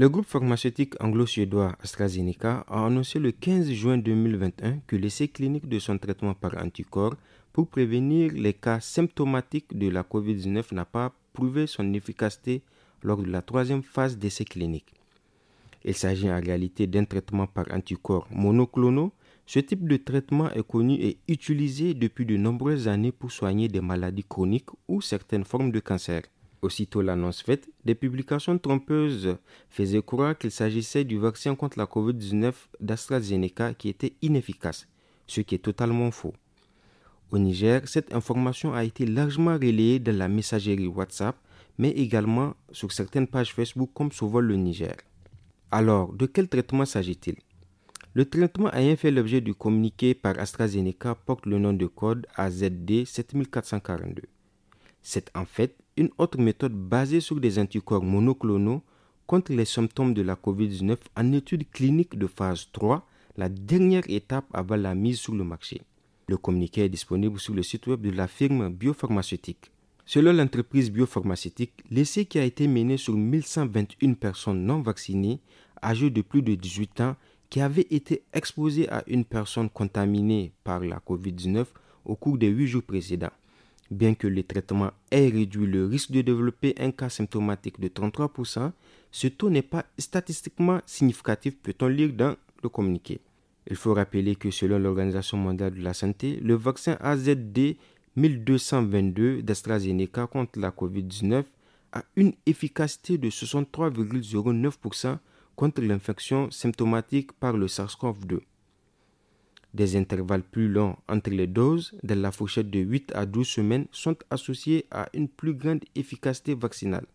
Le groupe pharmaceutique anglo-suédois AstraZeneca a annoncé le 15 juin 2021 que l'essai clinique de son traitement par anticorps pour prévenir les cas symptomatiques de la COVID-19 n'a pas prouvé son efficacité lors de la troisième phase d'essai clinique. Il s'agit en réalité d'un traitement par anticorps monoclonaux. Ce type de traitement est connu et utilisé depuis de nombreuses années pour soigner des maladies chroniques ou certaines formes de cancer. Aussitôt l'annonce faite, des publications trompeuses faisaient croire qu'il s'agissait du vaccin contre la COVID-19 d'AstraZeneca qui était inefficace, ce qui est totalement faux. Au Niger, cette information a été largement relayée dans la messagerie WhatsApp, mais également sur certaines pages Facebook comme Souvol le Niger. Alors, de quel traitement s'agit-il Le traitement ayant fait l'objet du communiqué par AstraZeneca porte le nom de code AZD 7442. C'est en fait une autre méthode basée sur des anticorps monoclonaux contre les symptômes de la COVID-19 en étude clinique de phase 3, la dernière étape avant la mise sur le marché. Le communiqué est disponible sur le site web de la firme biopharmaceutique. Selon l'entreprise biopharmaceutique, l'essai qui a été mené sur 1121 personnes non vaccinées âgées de plus de 18 ans qui avaient été exposées à une personne contaminée par la COVID-19 au cours des 8 jours précédents. Bien que le traitement ait réduit le risque de développer un cas symptomatique de 33%, ce taux n'est pas statistiquement significatif, peut-on lire dans le communiqué. Il faut rappeler que selon l'Organisation mondiale de la santé, le vaccin AZD 1222 d'AstraZeneca contre la COVID-19 a une efficacité de 63,09% contre l'infection symptomatique par le SARS-CoV-2. Des intervalles plus longs entre les doses, de la fourchette de 8 à 12 semaines, sont associés à une plus grande efficacité vaccinale.